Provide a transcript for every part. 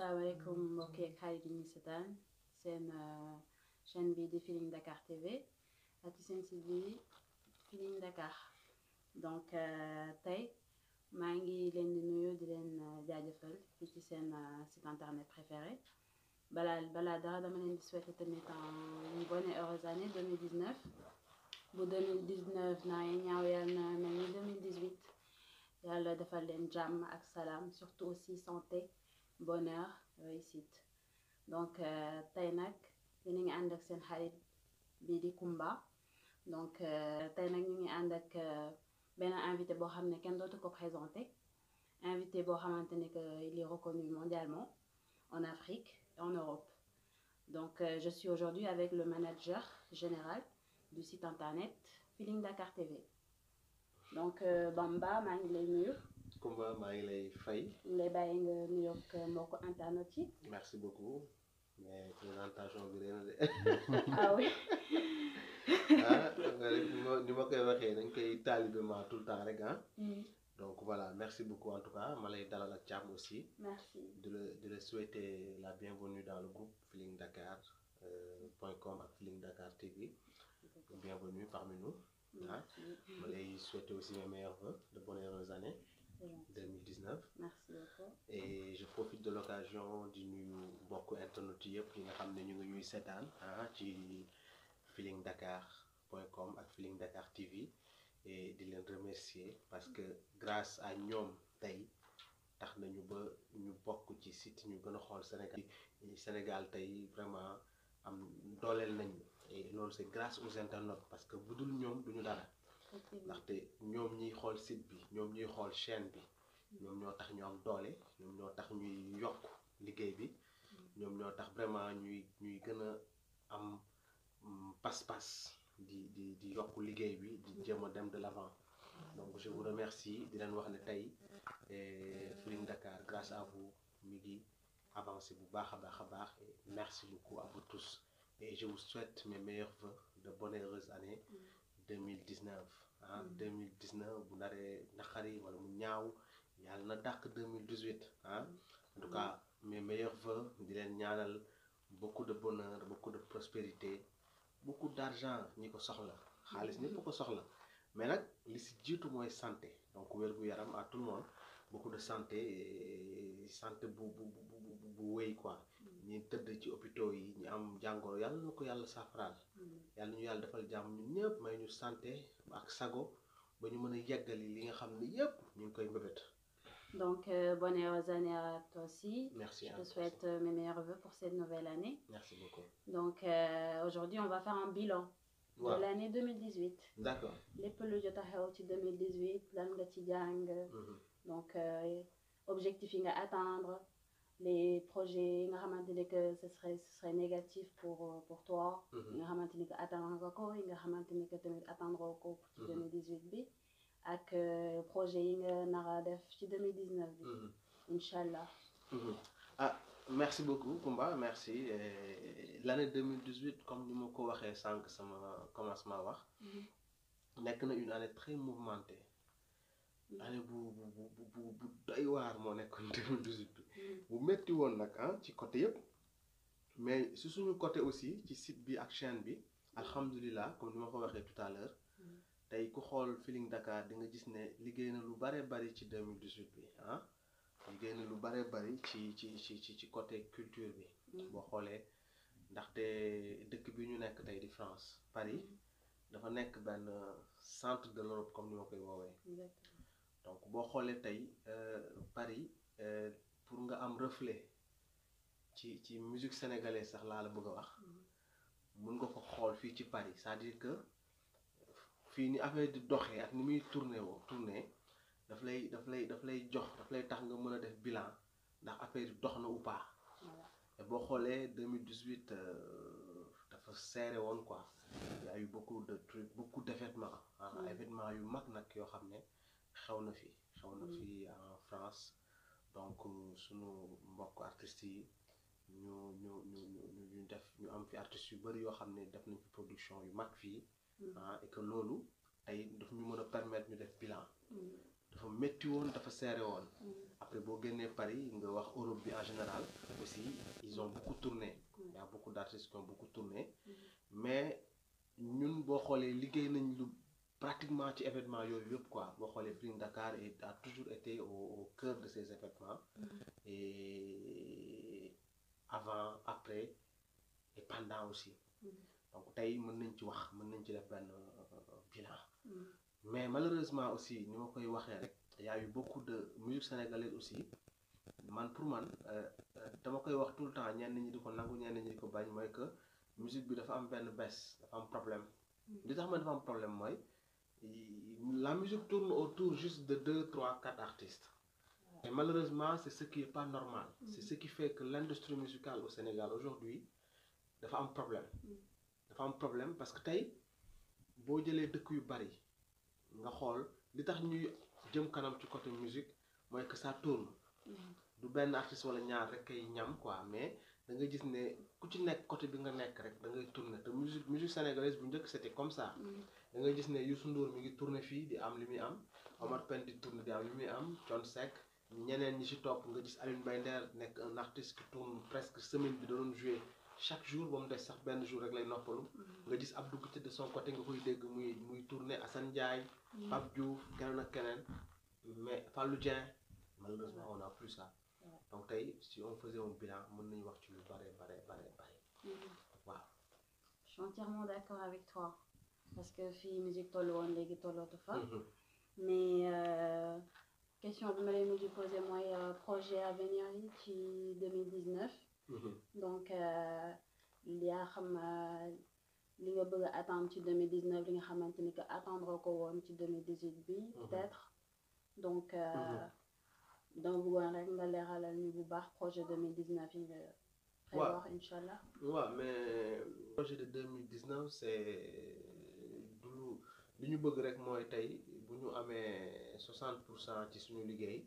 Salam alaikum mbokk yeeg xarit yi ñu seetaan seen chaîne bi di Feeling Dakar TV ak seen site bi Dakar donc euh, tey maa ngi leen di nuyu di leen euh, jaajëfal fii ci seen euh, site internet préféré balaa balaa dara dama leen di souhaiter tamit une bonne et heureuse année 2019 bu 2019 naa ñaaw yàlla na mel defal leen jàmm ak salaam surtout aussi santé. bonheur réussite donc euh, tey nag dinañ ànd ak seen xarit bii di Kumba donc euh, tey nag ñu ngi ànd ak euh, benn invité boo xam ne kenn dootu ko présenté invité boo xamante ne que il est reconnu mondialement en Afrique en Europe donc je suis aujourd'hui avec le manager général du site internet Feeling Dakar TV donc Bamba maa ngi lay Coumba maa ngi lay fay. lay bàyyi nga nuyoog mbokku internet yi. merci beaucoup mais présentation bi réer na ah ah, ma koy waxee dañ koy taalibement tout le temps rek ah. Mm. donc voilà merci beaucoup en tout cas ma lay dalal ak jàmm aussi. merci di la di la souhaiter la bienvenue dans le groupe Feeling Dakar euh, point ak Feeling Dakar TV. bienvenue parmi nous. Ah. ma lay souhaiter aussi mes meilleurs vœux de bonnes années. 2019. merci beaucoup. et je profite de l'occasion di nuyu bokk internet yëpp yi nga xam ne ñu ngi ñuy seetaan ah, ci Feeling Dakar point com ak filing Dakar TV et di leen remercier parce que grâce à ñoom tey tax nañu ba ñu bokk ci site ñu gën a xool Sénégal Sénégal tey vraiment am dooleel nañu et loolu c'est grâce aux internautes parce que bu dul ñoom duñu dara. ndaxte ñoom ñuy xool site bi ñoom ñuy xool chaîne bi ñoom ñoo tax ñu am doole ñoom ñoo tax ñuy yokk liggéey bi ñoom ñoo tax vraiment ñuy ñuy gën a am mm, pas-pas di di di yokk liggéey bi di jéem a dem de l'avant donc je vous remercie di leen wax ne tey eh, Feeling Dakar grâce à vous mi ngi avancé bu baax a baax a baax et merci beaucoup à vous tous et je vous souhaite mes meilleurs vœux de bonnes et heureuses années mm. ah 2019 bu naree naqari wala mu ñaaw yàlla na dàq 2018 ah en tout cas mais meilleurs vœux di leen ñaanal beaucoup de bonheur beaucoup de prospérité beaucoup d' argent ñi ko soxla xaalis ñëpp ko soxla mais nag li si jiitu mooy santé donc wér gu yaram à tout le monde beaucoup de santé santé bu bu bu bu wéy quoi. Mm. ñi tëdd ci hôpitaux yi ñu am jàngoro yàlla na ko yàlla saafaraal. Mm. yàlla ñu yàlla defal jàmm ñun ñëpp may ñu santé ak sago ba ñu mën a yeggali li nga xam ne yëpp ñu ngi koy mbébét. Donc, euh, bonne année à toi aussi. Merci. Je te souhaite euh, mes meilleurs voeux pour cette nouvelle année. Merci beaucoup. Donc, euh, aujourd'hui, on va faire un bilan ouais. de l'année 2018. D'accord. Les 2018, l'année donc euh, objectif yi nga atteindre les projets yi nga xamante ni que ce serait ce serait négatif pour euh, toi. Mhm. yi nga xamante ni que atteindre nga ko yi nga xamante ni que tamit atteindre ko. ci 2018 mhm. bi ak euh, projet yi nga nar a def ci 2019 bi. Mhm. incha allah. ah merci beaucoup Coumba merci l' année 2018 comme ni ma ko waxee sànq sama commencement wax. nekk na une année très mouvementée. année bu bu bu bu doy waar moo nekkoon 2018 bi bu métti woon nag ah ci côté yëpp mais si suñu côté aussi ci sit bi ak chaîne bi alhamdulilah comme ni ma ko waxee toutaleur tey ku xool Feeling Dakar di nga gis ne liggéey na lu bare bari ci 2018 bi ah liggéey na lu bare bari ci ci ci ci ci côté culture bi boo xoolee ndaxte dëkk bi ñu nekk tey di France Paris dafa nekk benn centre de l'Europe comme ni ma koy woowee donc boo xoolee tey euh, Paris euh, pour nga am reflet ci ci musique sénégalaise sax laa la bëgg a wax mun nga ko xool fii ci Paris c'est-à-dire que fii ni affaire di doxee ak ni muy tourné woo tourné daf lay daf lay daf lay jox daf lay tax nga mën a def bilan ndax affaire di dox na ou pas te boo xoolee 2018 euh, dafa serré woon ko ay a eu beaucoup de trucs beaucoup d'événements ah yu mag nag yoo xam ne xew na fi xew na mm. fi en France donc euh, sunu mbokk artistes yi ñu ñu ñu ñu ñu def ñu am fi artistes yu bëri yoo xam ne def nañ fi production yu mag fii mm. ah et que loolu tey daf ñu mën a permettre ñu def bilan mm. dafa métti woon dafa serré woon après boo génnee Paris nga wax Europe bi en général aussi ils ont beaucoup tourné y a beaucoup d' artistes mais ñun boo xoolee liggéey nañ lu pratiquement ci événement yooyu yëpp quoi boo xoolee Bring Dakar a toujours été au au de ces événements. Mm-hmm. et avant après et pendant aussi. Mm-hmm. donc tey mën nañ ci wax mën nañ ci def benn euh, bilan. Mm-hmm. mais malheureusement aussi ñu ma koy waxee rek. y a eu beaucoup de musique sénégalaise aussi man pour man euh, euh, dama koy wax tout le temps ñenn ñi di ko nangu ñenn ñi di ko bañ mooy que musique bi dafa am benn bes dafa am problème. li tax ma dafa am problème mooy. la musique tourne autour juste de deux trois quatre artistes mais malheureusement c'est ce qui est pas normal mm-hmm. c'est ce qui fait que l'industrie musicale au Sénégal aujourd'hui dafa am problème mm-hmm. dafa am problème parce que tey boo jëlee dëkk yu bari nga xool li tax ñuy jëm kanam ci côté musique mooy que ça tourne mm-hmm. du benn artiste wala ñaar rek ay ñam quoi mais da nga gis ne ku ci nekk côté bi nga nekk rek da ngay tourner te musique musique bu njëkk c'était comme ça da nga gis ne Youssou Ndour mi ngi tourné fii di am li muy am Omar Pène di tourné di am li muy am Thione Seck ñeneen ñi ci topp nga gis Alioune Mbaye nekk un artiste qui tourne presque semaine bi da doon joué chaque jour ba mu des sax benn jour rek lay noppalu. Mm-hmm. nga gis Abdou Guité de son côté nga koy dégg muy muy tourné Assane Ndiaye. Mm-hmm. Pape Diouf keneen ak keneen. mais Fallou Dieng malheureusement on a plus ça. donc tey si on faisait un bilan mën nañu wax ci lu bare bare bare bare. Mm-hmm. parce que fii musique tollu woon léegi tollootu fa. Mhm. mais euh, question bi ma leen mujj posé mooy euh, projet à venir yi ci 2019. Mhm. donc euh, yaa xam li nga bëgg a attendre ci 2019 li nga xamante ni que attendre ko woon ci 2018 bi. Mhm. peut-être donc. donc bëggoon rek nga leeralal ñu bu baax projet 2019 yi nga. prévoir incha allah waaw mais projet de 2019 c'est. li ñu bëgg rek mooy tey bu ñu amee 60 pour cent ci suñu liggéey.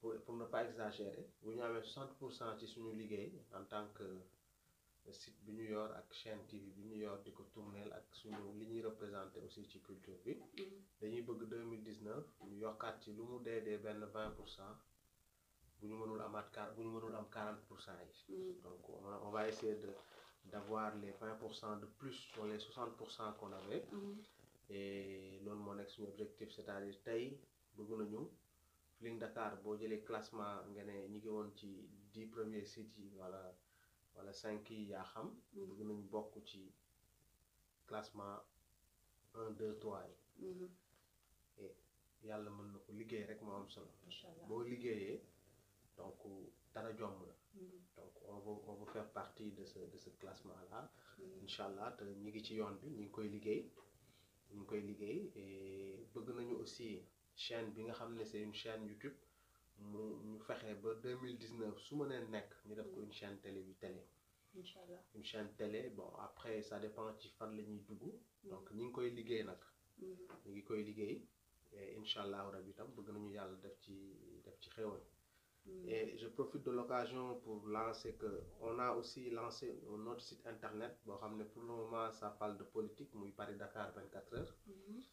pour pour ne pas exagérer bu ñu amee 60 pour cent ci suñu liggéey en tant que site bi ñu yor ak chaîne TV bi ñu yor di ko tourneel ak suñu li ñuy représenté aussi ci culture bi. Mm-hmm. dañuy bëgg deux 2019 ñu yokkat ci lu mu dee dee benn 20 pour cent bu ñu mënul amaat car bu ñu mënul am 40 pour cent yi. Mm-hmm. donc on va essayer de d' avoir les 20 pour cent de plus sur les 60 pour cent qu' on loolu moo nekk suñu objectif c'est-à-dire tey bëgg nañu Feeling Dakar boo jëlee classement nga ne ñi ngi woon ci dix premier sites yi wala wala cinq yi yaa xam. Mm. bëgg nañu bokk ci classement un deux trois yi. Mm-hmm. yàlla mën na ko liggéey rek moo am solo. boo liggéeyee donc dara jomb la. Mm-hmm. donc on va on va faire partie de ce de ce classement là. Mm-hmm. incha allah te ñi ngi ci yoon bi ñu ngi koy liggéey. ñu ngi koy liggéey et bëgg nañu aussi chaîne bi nga xam ne c'est une chaîne YouTube mu ñu fexe ba 2019 su ma nee nekk ñu def ko une chaîne télé bi télé. incha une chaîne télé bon après ça dépend ci fan la ñuy dugg. donc ñu ngi koy liggéey nag. Mm-hmm. ñu ngi koy liggéey et incha allahu rabi tam bëgg nañu yàlla def ci def ci xéwal. Mm. Et je profite de l'occasion pour lancer que on a aussi lancé notre site internet boo xam ne pour le moment ça parle de politique muy Paris Dakar 24 heures. Mm-hmm.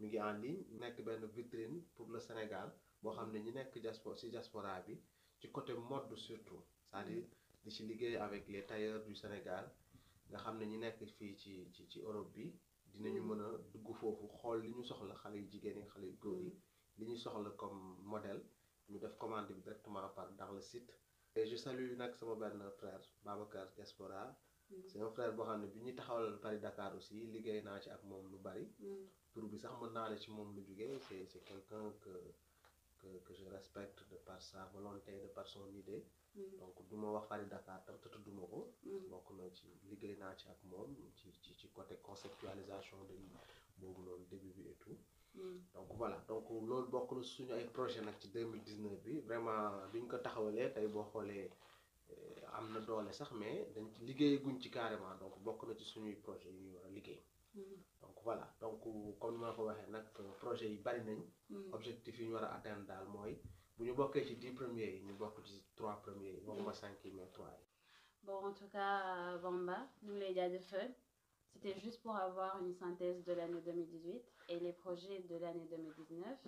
mi ngi àndi nekk benn vitrine pour le Sénégal boo xam ne ñi nekk diaspora ci diaspora bi ci côté mode surtout c'est-à-dire mm-hmm. di ci liggéey avec les tailleurs du Sénégal nga xam ne ñi nekk fii ci ci ci Europe bi dinañu mm-hmm. mën a dugg foofu xool li ñu soxla xale yu jigéen yi xale yu góor yi li ñu soxla comme modèle. ñu def commande bi directement par dans le site. et je salue nag sama benn frère Babacar Diaspora. Mm. c'est un frère boo xam ne bi ñuy taxawal Paris Dakar aussi liggéey naa ci ak moom lu bari. Mm. tur bi sax mën naa ne ci moom lu jugee c'est c'est quelqu'un que que que je respecte de par sa volonté de par son idée. Mm. donc du ma wax Paris Dakar tam te tudduma ko. bokk na ci liggéey naa ci ak moom ci ci ci côté conceptualisation de boobu noonu début bi et donc voilà donc loolu bokk na suñu ay projet nag ci 2019 bi vraiment duñ ko taxawalee tey boo xoolee eh, am na doole sax mais dañ ci liggéey guñ ci carrément donc bokk na ci suñuy projet yu ñu war a liggéey mm-hmm. donc voilà donc comme ma ko waxee nag projet yi bari nañ mm-hmm. objectif yi ñu war a atteindre daal mooy bu ñu bokkee ci dix premiers yi ñu bokk ci trois premiers yi waxuma mm-hmm. cinq yi mais trois yi bon tout cas euh, Bamba ñu ngi lay jaajëfal C'était juste pour avoir une synthèse de l'année et les projets de l'année 2019.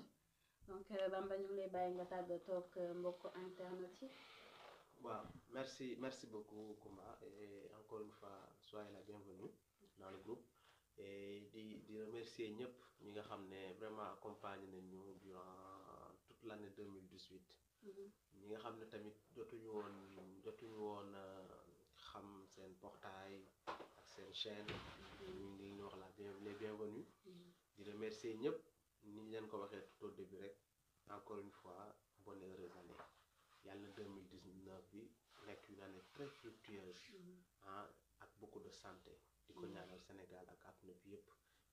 donc euh, Bamba ñu ngi lay nga tàggatoo ak euh, mbokku internet yi. merci beaucoup Kouma et encore une fois soyez la bienvenue dans le groupe et di di remercier ñëpp ñi nga xam ne vraiment accompagné nañu durant toute l' année 2018. ñi nga xam ne tamit jotuñu woon jotuñu woon euh, xam seen portail. seen chaîne ñu ngi leen wax la bien les bienvenus mm-hmm. di remercier ñëpp ni leen ko waxee tout bi rek encore une fois bonne et heureuse année yàlla 2019 bi nekk une année très fructueuse mm-hmm. ah ak beaucoup de santé di ko mm-hmm. ñaanal Sénégal ak àdduna bi yëpp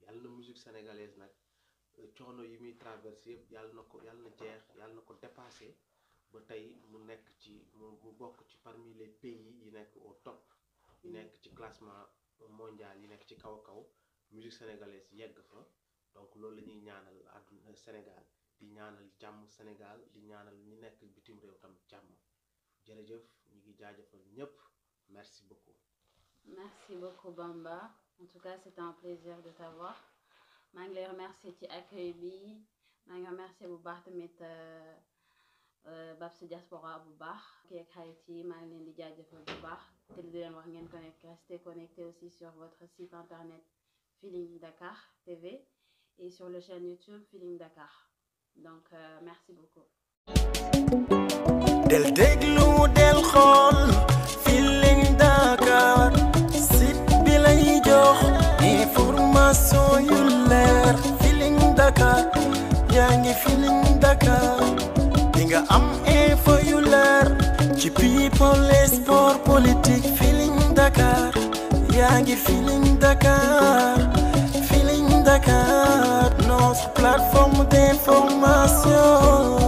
yàlla na musique sénégalaise nag euh, coono yi muy traversé yëpp yàlla na ko yàlla na jeex yàlla na ko dépassé ba tey mu nekk ci mu bokk ci parmi les pays yi nekk au top yi nekk ci classement mondial yi nekk ci kaw kaw musique sénégalaise yegg fa donc loolu la ñuy ñaanal àdduna Sénégal di ñaanal jàmm Sénégal di ñaanal ñi nekk bitim réew tam jàmm jërëjëf ñu ngi jaajëfal ñëpp merci beaucoup. merci beaucoup Bamba en tout cas c'est un plaisir de t'avoir maa ngi lay remercier ci accueil bi maa ngi remercier bu baax tamit. Euh, Babs Diaspora bu baax keek xarit yi maa ngi leen di jaajëfal bu baax te di leen wax ngeen connecté restez connecté aussi sur votre site internet Feeling Dakar TV et sur le chaîne YouTube Feeling Dakar donc euh, merci beaucoup. del déglu del xool Dakar site bi Dakar people et sport politique Feeling Dakar yaa ngi Feeling Dakar Feeling Dakar notre plateforme d'information